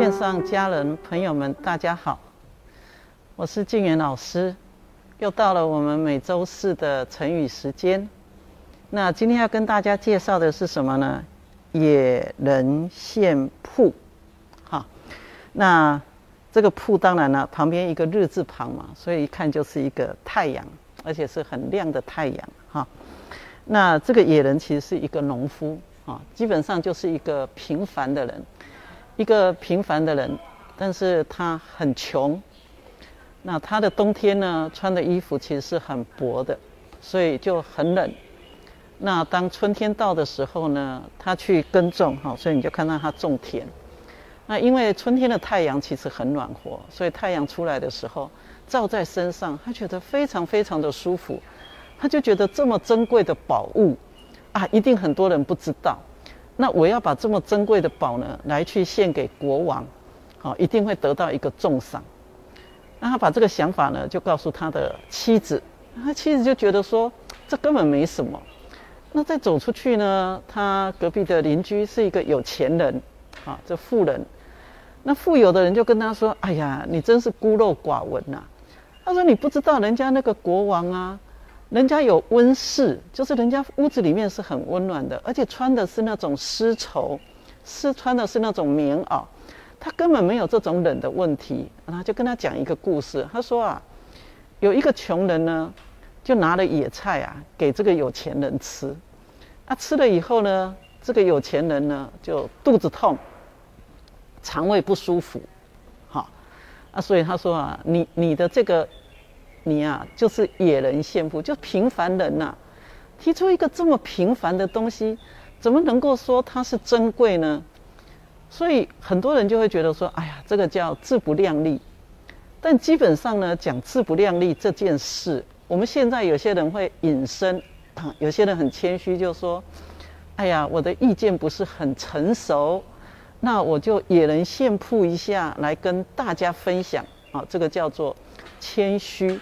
線上家人、朋友們，大家好，我是靜原老師，又到了我們每周四的成語時間。那今天要跟大家介紹的是什麼呢？野人獻曝。哈，那這個曝當然了，旁邊一個日字旁嘛，所以一看就是一個太陽，而且是很亮的太陽。哈，那這個野人其實是一個農夫啊，基本上就是一個平凡的人。一個平凡的人，但是他很窮，那他的冬天呢，穿的衣服其實是很薄的，所以就很冷。那當春天到的時候呢，他去耕種，哈，所以你就看到他種田。那因為春天的太陽其實很暖和，所以太陽出來的時候照在身上，他覺得非常非常的舒服，他就覺得這麼珍貴的寶物啊，一定很多人不知道。那我要把這麼珍貴的寶呢，來去獻給國王，好、哦，一定會得到一個重賞。那他把這個想法呢，就告訴他的妻子，他妻子就覺得說，這根本沒什麼。那再走出去呢，他隔壁的鄰居是一個有錢人，啊、哦，這富人。那富有的人就跟他說，哎呀，你真是孤陋寡聞吶、啊。他說你不知道人家那個國王啊。人家有溫室，就是人家屋子裡面是很溫暖的，而且穿的是那種絲綢，絲，穿的是那種棉襖，他根本沒有這種冷的問題。然後就跟他講一個故事，他說啊，有一個窮人呢，就拿了野菜啊給這個有錢人吃，啊吃了以後呢，這個有錢人呢就肚子痛，腸胃不舒服，好，啊所以他說啊，你你的這個。你呀、啊，就是野人獻曝，就平凡人吶、啊，提出一個這麼平凡的東西，怎麼能夠說它是珍貴呢？所以很多人就會覺得說：“哎呀，這個叫自不量力。”但基本上呢，講自不量力這件事，我們現在有些人會引申啊，有些人很謙虛，就說：“哎呀，我的意見不是很成熟，那我就野人獻曝一下，來跟大家分享啊。”這個叫做謙虛。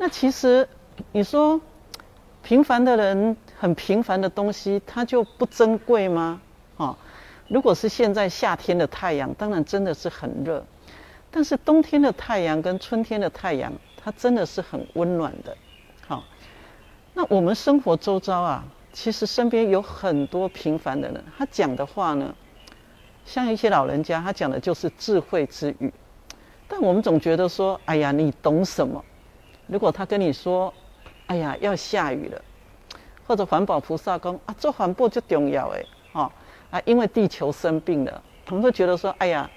那其實，你說平凡的人，很平凡的東西，它就不珍貴嗎？哦，如果是現在夏天的太陽，當然真的是很熱；但是冬天的太陽跟春天的太陽，它真的是很溫暖的。好，哦，那我們生活周遭啊，其實身邊有很多平凡的人，他講的話呢，像一些老人家，他講的就是智慧之語，但我們總覺得說：“哎呀，你懂什麼？”如果他跟你說：“哎呀，要下雨了。”或者環保菩薩講啊，做環保就重要。哦”哎，啊，因為地球生病了。他們會覺得說：“哎呀，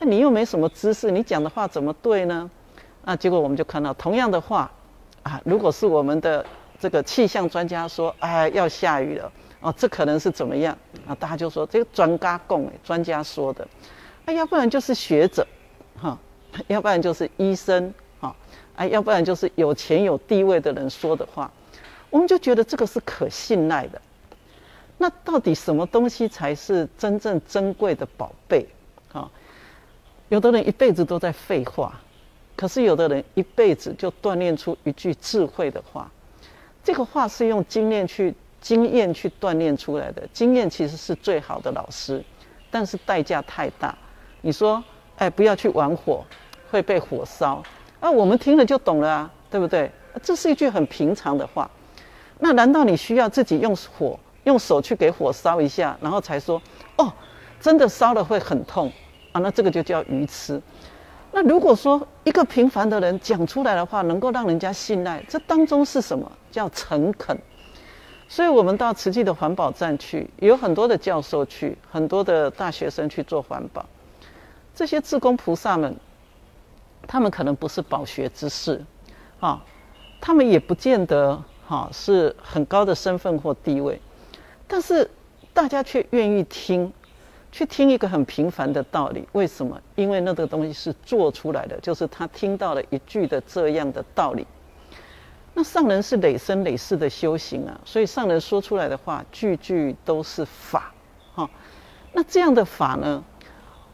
那、哎、你又沒什麼知識，你講的話怎麼對呢？”啊，結果我們就看到同樣的話，啊，如果是我們的這個氣象專家說：“哎呀，要下雨了。”哦，這可能是怎麼樣？啊，大家就說這個專家供專家說的。哎、啊，要不然就是學者，哈、啊，要不然就是醫生，哈、啊。哎，要不然就是有錢有地位的人說的話，我們就覺得這個是可信賴的。那到底什麼東西才是真正珍貴的寶貝？啊、哦，有的人一輩子都在廢話，可是有的人一輩子就鍛鍊出一句智慧的話。這個話是用經驗去經驗去鍛鍊出來的，經驗其實是最好的老師，但是代價太大。你說，哎，不要去玩火，會被火燒。啊，我們聽了就懂了啊，對不對？這是一句很平常的話。那難道你需要自己用火、用手去給火燒一下，然後才說哦，真的燒了會很痛啊？那這個就叫愚痴。那如果說一個平凡的人講出來的話，能夠讓人家信賴，這當中是什麼？叫誠懇。所以，我們到慈濟的環保站去，有很多的教授去，很多的大學生去做環保。這些志工菩薩們。他們可能不是飽學之士，啊、哦，他們也不見得哈、哦，是很高的身份或地位，但是大家卻願意聽，去聽一個很平凡的道理。為什麼？因為那個東西是做出來的，就是他聽到了一句的這樣的道理。那上人是累生累世的修行啊，所以上人說出來的話，句句都是法。哈、哦，那這樣的法呢，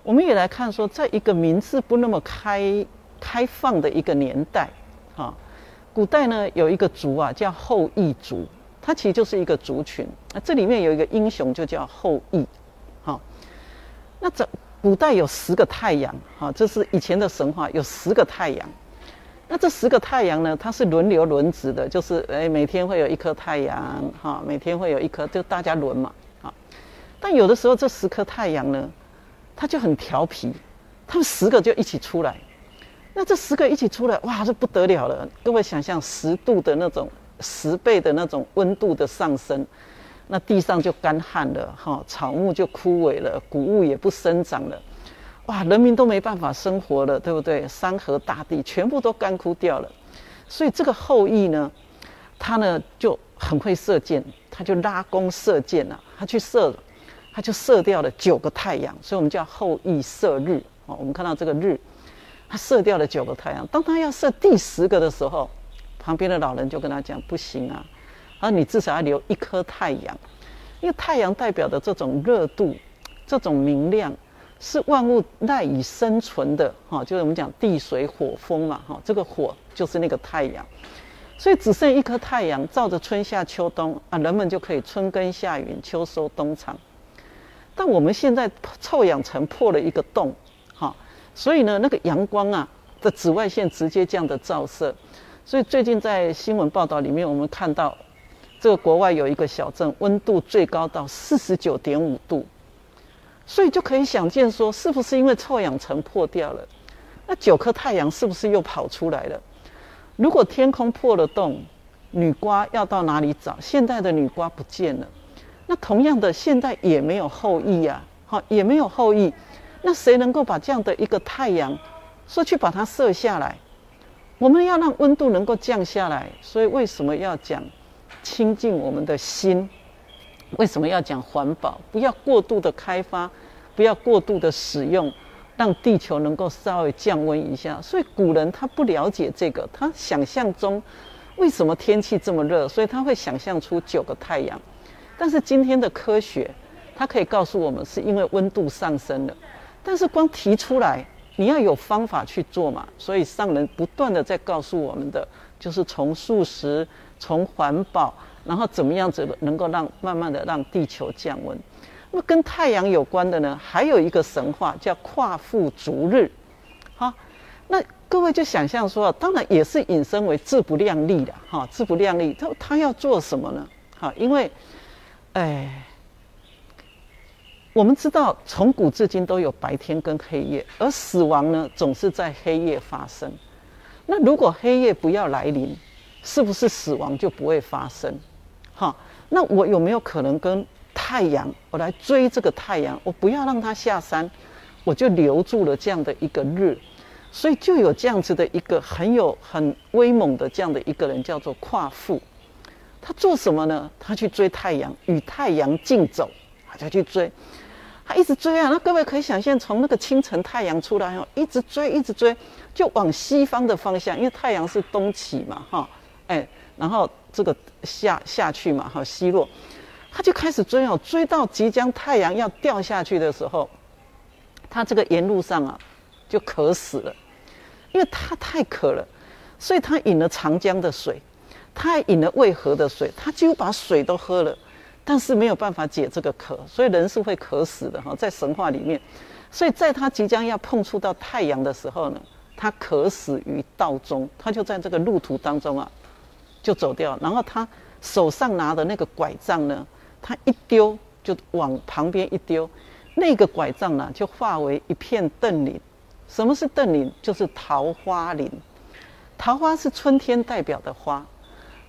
我們也來看說，在一個名字不那麼開。開放的一個年代，哈、哦，古代呢，有一個族啊，叫后羿族，它其實就是一個族群啊。這裡面有一個英雄，就叫后羿，哈、哦。那這古代有十個太陽，哈、哦，這是以前的神話，有十個太陽。那這十個太陽呢，它是輪流輪值的，就是哎，每天會有一顆太陽，哈、哦，每天會有一顆，就大家輪嘛，好、哦。但有的時候這十顆太陽呢，它就很調皮，它們十個就一起出來。那這十個一起出來，哇，這不得了了！各位想象十度的那種，十倍的那種溫度的上升，那地上就乾旱了，哈，草木就枯萎了，穀物也不生長了，哇，人民都沒辦法生活了，對不對？山河大地全部都乾枯掉了。所以這個後羿呢，他呢就很會射箭，他就拉弓射箭啊，他去射，他就射掉了九個太陽，所以我們叫后羿射日。好，我們看到這個日。他射掉了九個太陽，當他要射第十個的時候，旁邊的老人就跟他講：“不行啊，啊，你至少要留一顆太陽，因為太陽代表的這種熱度、這種明亮，是萬物賴以生存的。哈、哦，就是我們講地水火風嘛。哈、哦，這個火就是那個太陽，所以只剩一顆太陽照着春夏秋冬啊，人們就可以春耕夏耘、秋收冬藏。但我們現在臭氧層破了一個洞。”所以呢，那個陽光啊的紫外線直接這樣的照射，所以最近在新聞報道裡面，我們看到這個國外有一個小鎮溫度最高到四十九點五度，所以就可以想見說，是不是因為臭氧層破掉了，那九顆太陽是不是又跑出來了？如果天空破了洞，女媧要到哪裡找？現在的女媧不見了，那同樣的，現在也沒有后羿呀，好，也沒有后羿。那誰能夠把這樣的一個太陽，說去把它射下來？我們要讓溫度能夠降下來，所以為什麼要講清淨我們的心？為什麼要講環保？不要過度的開發，不要過度的使用，讓地球能夠稍微降溫一下。所以古人他不了解這個，他想象中為什麼天氣這麼熱？所以他會想象出九個太陽。但是今天的科學，它可以告訴我們，是因為溫度上升了。但是光提出來，你要有方法去做嘛。所以上人不斷的在告訴我們的，就是從素食，從環保，然後怎麼樣子能夠讓慢慢的讓地球降溫。那麼跟太陽有關的呢，還有一個神話叫夸父逐日，哈。那各位就想象說，當然也是引申為自不量力了，哈、哦，自不量力，他他要做什麼呢？哈，因為，哎。我們知道，從古至今都有白天跟黑夜，而死亡呢，總是在黑夜發生。那如果黑夜不要來臨，是不是死亡就不會發生？哈，那我有沒有可能跟太陽，我來追這個太陽，我不要讓它下山，我就留住了這樣的一個日，所以就有這樣子的一個很有很威猛的這樣的一個人，叫做夸父。他做什麼呢？他去追太陽，與太陽競走，他就去追。他一直追啊，那各位可以想象，從那個清晨太陽出來後，一直追，一直追，就往西方的方向，因為太陽是東起嘛，哈、哦，哎、欸，然後這個下下去嘛，哈、哦，西落，他就開始追哦，追到即將太陽要掉下去的時候，他這個沿路上啊，就渴死了，因為他太渴了，所以他飲了長江的水，他還飲了渭河的水，他幾乎把水都喝了。但是沒有辦法解這個渴，所以人是會渴死的哈。在神話裡面，所以在他即將要碰觸到太陽的時候呢，他渴死於道中，他就在這個路途當中啊，就走掉了。然後他手上拿的那個拐杖呢，他一丟就往旁邊一丟，那個拐杖呢就化為一片鄧林。什麼是鄧林？就是桃花林。桃花是春天代表的花，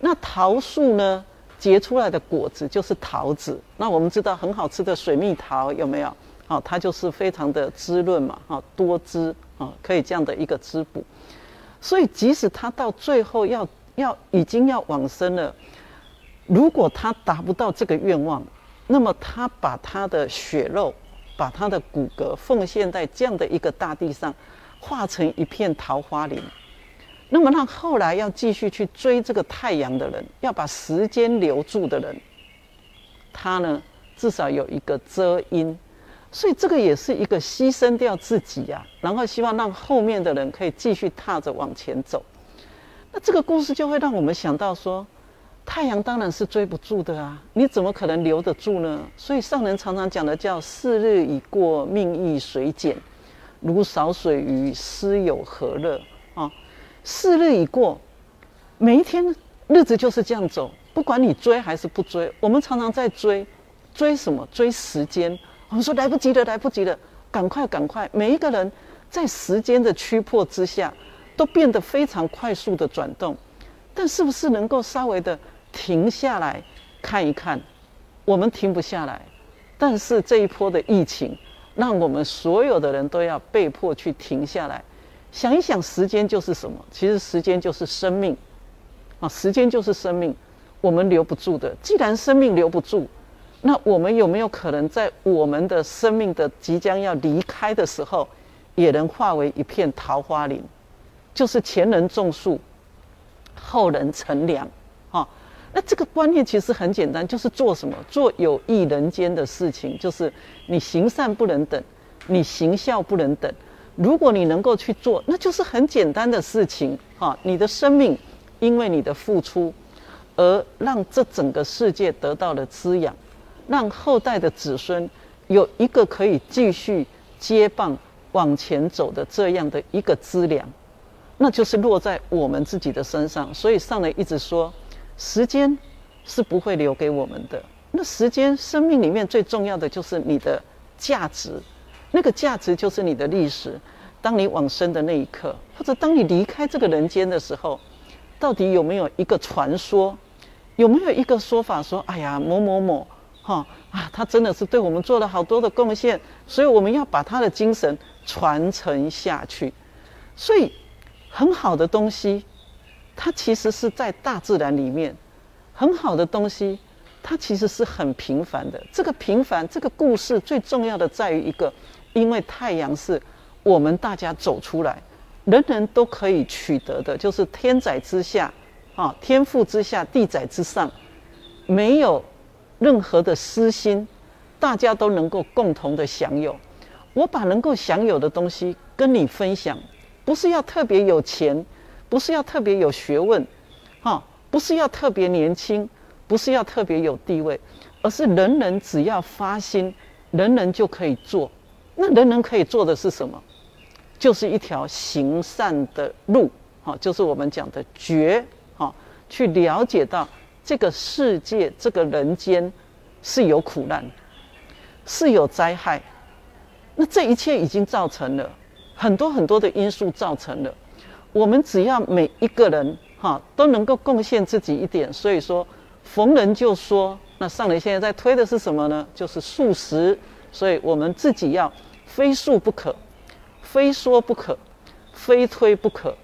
那桃樹呢？結出來的果子就是桃子，那我們知道很好吃的水蜜桃有沒有？好、哦，它就是非常的滋潤嘛，哦，多汁，啊、哦，可以這樣的一個滋補。所以即使它到最後要要已經要往生了，如果它達不到這個願望，那麼它把它的血肉、把它的骨骼奉獻在這樣的一個大地上，化成一片桃花林。那麼，讓後來要繼續去追這個太陽的人，要把時間留住的人，他呢，至少有一個遮陰，所以這個也是一個犧牲掉自己呀、啊。然後希望讓後面的人可以繼續踏着往前走。那這個故事就會讓我們想到說，太陽當然是追不住的啊，你怎麼可能留得住呢？所以上人常常講的叫“是日已過，命亦隨減，如少水魚，斯有何樂啊？”哦四日已過，每一天日子就是這樣走，不管你追還是不追。我們常常在追，追什麼？追時間。我們說來不及了，來不及了，趕快，趕快！每一個人在時間的驅迫之下，都變得非常快速的轉動。但是，不是能夠稍微的停下來看一看？我們停不下來。但是這一波的疫情，讓我們所有的人都要被迫去停下來。想一想，時間就是什麼？其實時間就是生命，啊，時間就是生命，我們留不住的。既然生命留不住，那我們有沒有可能在我們的生命的即將要離開的時候，也能化為一片桃花林？就是前人種樹，後人乘涼，啊，那這個觀念其實很簡單，就是做什麼？做有益人間的事情，就是你行善不能等，你行孝不能等。如果你能夠去做，那就是很簡單的事情哈。你的生命，因為你的付出，而讓這整個世界得到了滋養，讓後代的子孫有一個可以繼續接棒往前走的這樣的一個資糧，那就是落在我們自己的身上。所以上人一直說，時間是不會留給我們的。那時間，生命裡面最重要的就是你的價值。那個價值就是你的歷史，當你往生的那一刻，或者當你離開這個人間的時候，到底有沒有一個傳說，有沒有一個說法說，哎呀，某某某，哈、哦、啊，他真的是對我們做了好多的貢獻，所以我們要把他的精神傳承下去。所以，很好的東西，它其實是在大自然裡面，很好的東西。它其實是很平凡的，這個平凡，這個故事最重要的在於一個，因為太陽是我們大家走出來，人人都可以取得的，就是天載之下，啊，天覆之下，地載之上，沒有任何的私心，大家都能夠共同的享有。我把能夠享有的東西跟你分享，不是要特別有錢，不是要特別有學問，哈，不是要特別年輕。不是要特別有地位，而是人人只要發心，人人就可以做。那人人可以做的是什麼？就是一條行善的路，好、哦，就是我們講的覺，好、哦，去了解到這個世界、這個人間是有苦難，是有災害。那這一切已經造成了很多很多的因素造成了。我們只要每一個人哈、哦、都能夠貢獻自己一點，所以說。逢人就說，那上人現在在推的是什麼呢？就是素食，所以我們自己要非素不可，非說不可，非推不可。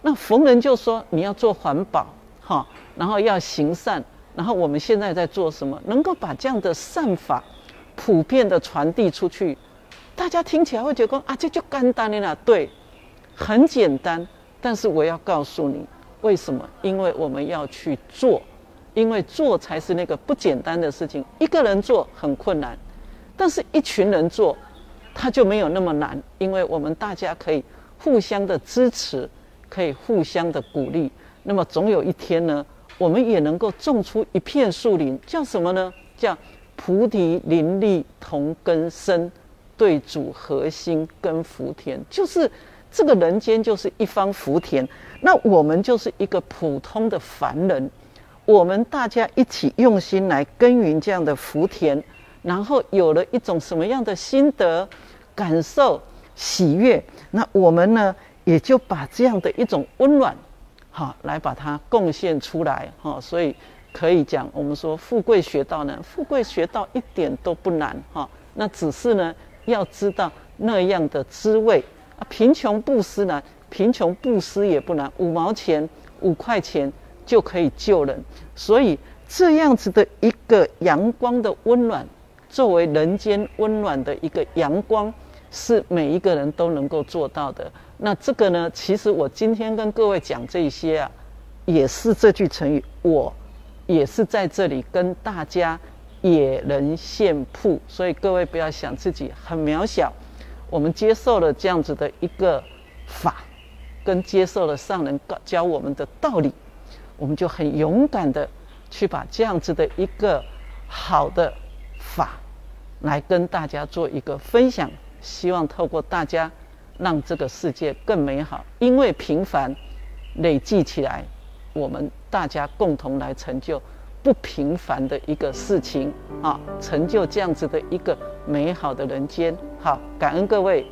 那逢人就說你要做環保，哈，然後要行善，然後我們現在在做什麼？能夠把這樣的善法普遍的傳遞出去，大家聽起來會覺得啊，這就簡單了對，很簡單。但是我要告訴你為什麼？因為我們要去做。因為做才是那個不簡單的事情，一個人做很困難，但是一群人做，他就沒有那麼難。因為我們大家可以互相的支持，可以互相的鼓勵，那麼總有一天呢，我們也能夠種出一片樹林，叫什麼呢？叫菩提林立同根生，對主核心跟福田，就是這個人間就是一方福田，那我們就是一個普通的凡人，我們大家一起用心來耕耘這樣的福田，然後有了一種什麼樣的心得、感受、喜悅，那我們呢也就把這樣的一種溫暖，哈、哦，來把它貢獻出來，哈、哦，所以可以講，我們說富貴學道呢，富貴學道一點都不難，哈、哦，那只是呢要知道那樣的滋味。啊，貧窮布施呢，貧窮布施也不難，五毛錢、五塊錢。就可以救人，所以這樣子的一個陽光的溫暖，作為人間溫暖的一個陽光，是每一個人都能夠做到的。那這個呢，其實我今天跟各位講這一些啊，也是這句成語，我也是在這裡跟大家野人獻曝，所以各位不要想自己很渺小，我們接受了這樣子的一個法，跟接受了上人教我們的道理。我們就很勇敢的去把這樣子的一個好的法來跟大家做一個分享，希望透過大家讓這個世界更美好。因為平凡累積起來，我們大家共同來成就不平凡的一個事情啊，成就這樣子的一個美好的人間。好，感恩各位。